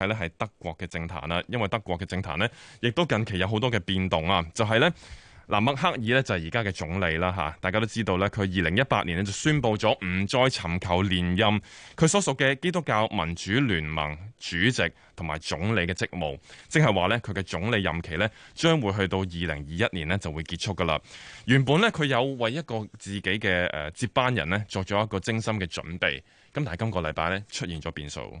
係咧，係德國嘅政壇啦，因為德國嘅政壇呢亦都近期有好多嘅變動啊！就係呢，嗱，默克爾呢就係而家嘅總理啦，吓，大家都知道呢，佢二零一八年咧就宣布咗唔再尋求連任，佢所屬嘅基督教民主聯盟主席同埋總理嘅職務，即係話呢，佢嘅總理任期呢將會去到二零二一年呢就會結束噶啦。原本呢，佢有為一個自己嘅誒接班人呢作咗一個精心嘅準備，咁但係今個禮拜呢出現咗變數。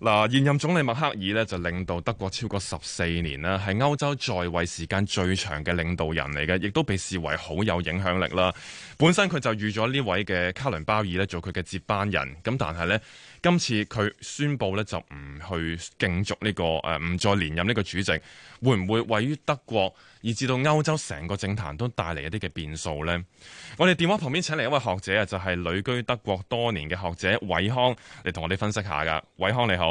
嗱，現任總理默克爾咧就領導德國超過十四年啦，係歐洲在位時間最長嘅領導人嚟嘅，亦都被視為好有影響力啦。本身佢就預咗呢位嘅卡倫鮑爾咧做佢嘅接班人，咁但係咧，今次佢宣布咧就唔去競逐呢個誒唔再連任呢個主席，會唔會位於德國以至到歐洲成個政壇都帶嚟一啲嘅變數咧？我哋電話旁邊請嚟一位學者啊，就係旅居德國多年嘅學者瑋康嚟同我哋分析下噶，瑋康你好。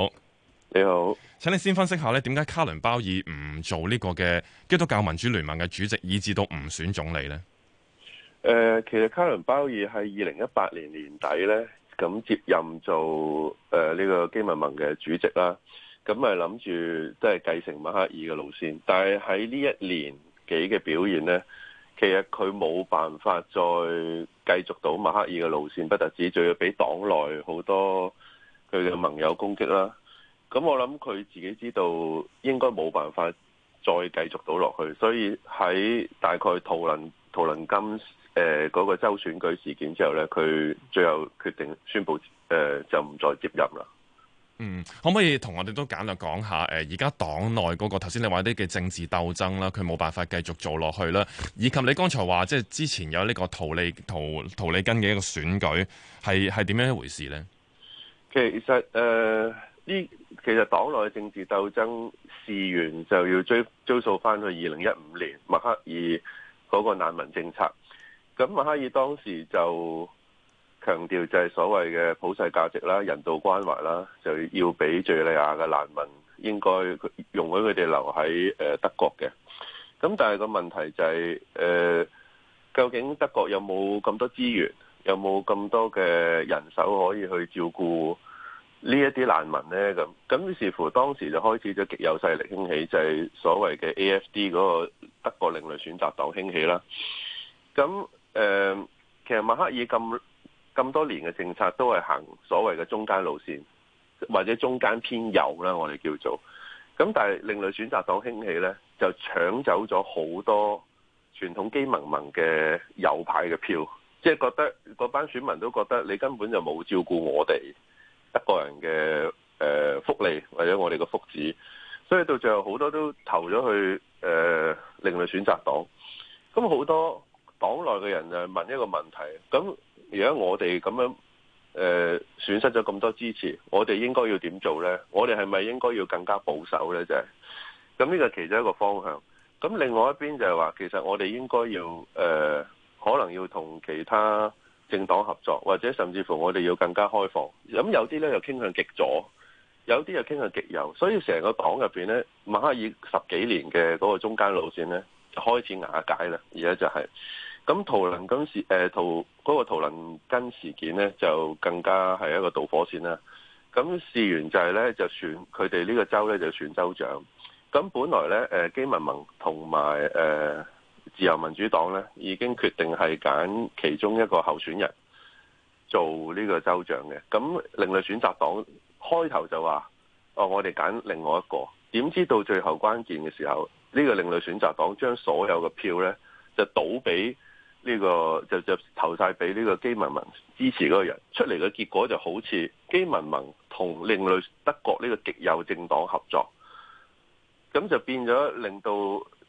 你好，請你先分析一下咧，點解卡倫鮑爾唔做呢個嘅基督教民主聯盟嘅主席，以至到唔選總理咧？誒、呃，其實卡倫鮑爾係二零一八年年底咧，咁接任做誒呢、呃這個基民盟嘅主席啦。咁啊諗住即係繼承默克爾嘅路綫，但係喺呢一年幾嘅表現咧，其實佢冇辦法再繼續到默克爾嘅路綫，不特止，仲要俾黨內好多佢嘅盟友攻擊啦。咁我諗佢自己知道應該冇辦法再繼續到落去，所以喺大概圖林圖林根誒嗰、呃那個州選舉事件之後呢，佢最後決定宣布誒、呃、就唔再接任啦。嗯，可唔可以同我哋都簡略講下誒而家黨內嗰、那個頭先你話啲嘅政治鬥爭啦，佢冇辦法繼續做落去啦，以及你剛才話即係之前有呢個圖利圖圖利根嘅一個選舉係係點樣一回事呢？其實誒呢。呃其實黨內政治鬥爭事緣就要追追溯翻去二零一五年默克爾嗰個難民政策。咁默克爾當時就強調就係所謂嘅普世價值啦、人道關懷啦，就要俾敍利亞嘅難民應該容許佢哋留喺誒德國嘅。咁但係個問題就係呃，究竟德國有冇咁多資源，有冇咁多嘅人手可以去照顧？呢一啲難民呢，咁咁於是乎當時就開始咗極右勢力興起，就係所謂嘅 AFD 嗰個德國另類選擇黨興起啦。咁，呃，其實默克爾咁咁多年嘅政策都係行所謂嘅中間路線，或者中間偏右啦，我哋叫做。咁但係另類選擇黨興起呢，就搶走咗好多傳統基民盟嘅右派嘅票，即係覺得嗰班選民都覺得你根本就冇照顧我哋。一個人嘅誒福利或者我哋嘅福祉，所以到最後好多都投咗去誒、呃、另類選擇黨。咁好多黨內嘅人就問一個問題，咁如果我哋咁樣誒、呃、損失咗咁多支持，我哋應該要點做咧？我哋係咪應該要更加保守咧？啫、就係，咁呢個其中一個方向。咁另外一邊就係話，其實我哋應該要誒、呃，可能要同其他，政黨合作，或者甚至乎我哋要更加開放。咁有啲咧又傾向極左，有啲又傾向極右。所以成個黨入面咧，馬克爾十幾年嘅嗰個中間路線咧，開始瓦解啦。而家就係、是、咁，圖林根事嗰個圖林根事件咧，就更加係一個導火線啦。咁事緣就係咧，就選佢哋呢個州咧，就選州長。咁本來咧，基民盟同埋誒。呃自由民主黨咧，已經決定係揀其中一個候選人做呢個州長嘅。咁另類選擇黨開頭就話，哦，我哋揀另外一個。點知道最後關鍵嘅時候，呢個另類選擇黨將所有嘅票咧，就倒俾呢個就就投晒俾呢個基民盟支持嗰個人。出嚟嘅結果就好似基民盟同另類德國呢個極右政黨合作，咁就變咗令到。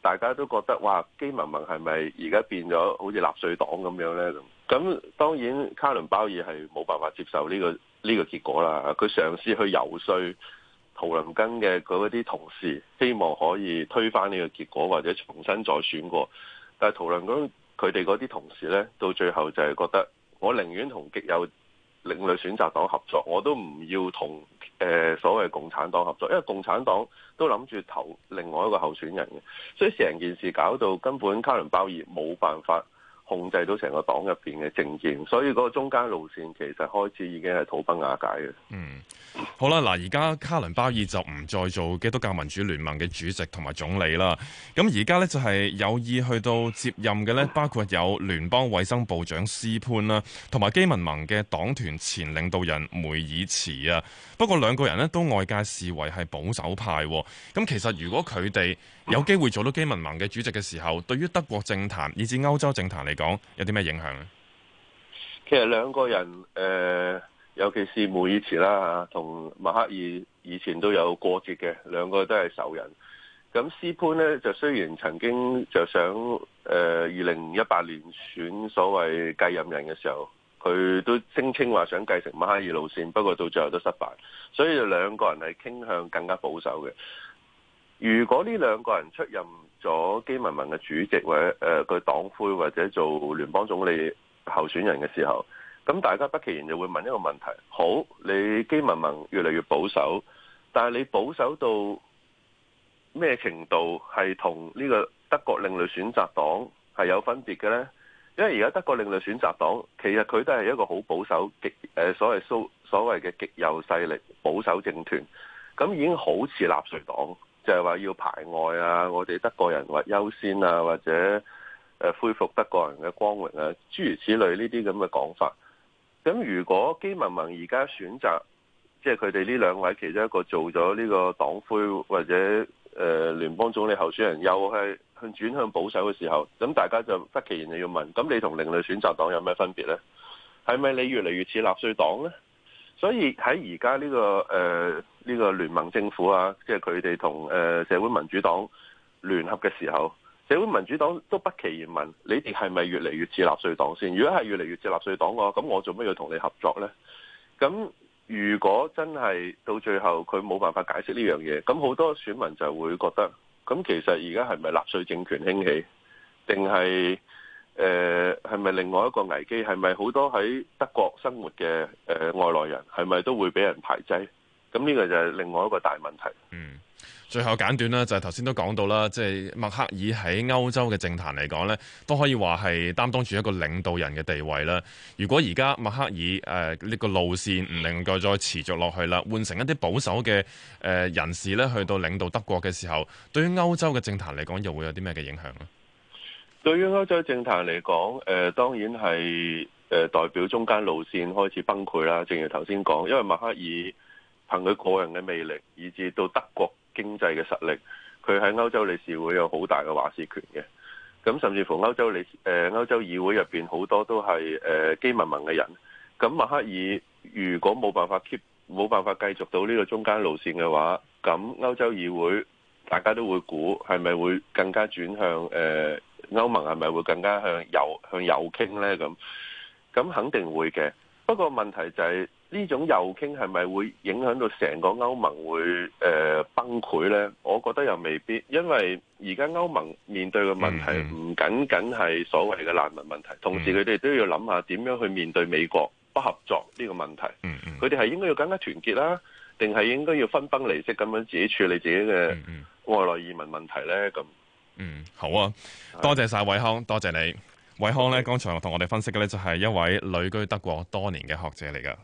大家都覺得哇，基民盟係咪而家變咗好似納粹黨咁樣呢？咁當然卡倫鮑爾係冇辦法接受呢個呢個結果啦。佢嘗試去游說圖林根嘅嗰啲同事，希望可以推翻呢個結果或者重新再選過。但係圖林根佢哋嗰啲同事呢，到最後就係覺得我寧願同極右。另類選擇黨合作，我都唔要同誒、呃、所謂共產黨合作，因為共產黨都諗住投另外一個候選人嘅，所以成件事搞到根本卡倫鮑爾冇辦法。控制到成個黨入邊嘅政見，所以嗰個中間路線其實開始已經係土崩瓦解嘅。嗯，好啦，嗱，而家卡倫鮑爾就唔再做基督教民主聯盟嘅主席同埋總理啦。咁而家咧就係有意去到接任嘅咧，包括有聯邦衛生部長斯潘啦，同埋基民盟嘅黨團前領導人梅爾茨啊。不過兩個人咧都外界視為係保守派。咁其實如果佢哋有機會做到基民盟嘅主席嘅時候，對於德國政壇以至歐洲政壇嚟講有啲咩影響咧？其實兩個人誒、呃，尤其是默爾茨以前啦吓，同默克爾以前都有過節嘅，兩個都係仇人。咁斯潘呢，就雖然曾經就想誒二零一八年選所謂繼任人嘅時候，佢都聲稱話想繼承默克爾路線，不過到最後都失敗，所以兩個人係傾向更加保守嘅。如果呢兩個人出任，咗基民盟嘅主席或者誒佢黨魁或者做聯邦總理候選人嘅時候，咁大家不其然就會問一個問題，好，你基民盟越嚟越保守，但係你保守到咩程度係同呢個德國另類選擇黨係有分別嘅咧？因為而家德國另類選擇黨其實佢都係一個好保守極誒所謂蘇所謂嘅極右勢力保守政團，咁已經好似納粹黨。就係、是、話要排外啊！我哋德國人或優先啊，或者恢復德國人嘅光榮啊，諸如此類呢啲咁嘅講法。咁如果基民盟而家選擇，即係佢哋呢兩位其中一個做咗呢個黨魁或者誒、呃、聯邦總理候選人，又係向轉向保守嘅時候，咁大家就不其然就要問：「咁你同另類選擇黨有咩分別呢？係咪你越嚟越似納粹黨呢？」所以喺而家呢個誒。呃呢個聯盟政府啊，即係佢哋同誒社會民主黨聯合嘅時候，社會民主黨都不期而問：你哋係咪越嚟越似納粹黨先？如果係越嚟越似納粹黨嘅話，咁我做咩要同你合作咧？咁如果真係到最後佢冇辦法解釋呢樣嘢，咁好多選民就會覺得：咁其實而家係咪納粹政權興起，定係誒係咪另外一個危機，係咪好多喺德國生活嘅誒外來人，係咪都會俾人排擠。咁呢個就係另外一個大問題。嗯，最後簡短啦，就係頭先都講到啦，即係默克爾喺歐洲嘅政壇嚟講呢，都可以話係擔當住一個領導人嘅地位啦。如果而家默克爾誒呢個路線唔能夠再持續落去啦，換成一啲保守嘅誒人士呢，去到領導德國嘅時候，對於歐洲嘅政壇嚟講又會有啲咩嘅影響咧？對於歐洲政壇嚟講，誒，當然係代表中間路線開始崩潰啦。正如頭先講，因為默克爾。憑佢個人嘅魅力，以至到德國經濟嘅實力，佢喺歐洲理事會有好大嘅話事權嘅。咁甚至乎歐洲理事誒歐洲議會入邊好多都係誒基民盟嘅人。咁默克爾如果冇辦法 keep 冇辦法繼續到呢個中間路線嘅話，咁歐洲議會大家都會估係咪會更加轉向誒歐盟係咪會更加向右向右傾呢？咁咁肯定會嘅。不過問題就係。呢種右傾係咪會影響到成個歐盟會、呃、崩潰呢？我覺得又未必，因為而家歐盟面對嘅問題唔僅僅係所謂嘅難民問題，嗯、同時佢哋都要諗下點樣去面對美國不合作呢個問題。佢哋係應該要更加團結啦，定係應該要分崩離析咁樣自己處理自己嘅外來移民問題呢？咁嗯，好啊，嗯、多謝晒瑋康，多謝你，瑋康呢，剛才同我哋分析嘅呢，就係一位旅居德國多年嘅學者嚟噶。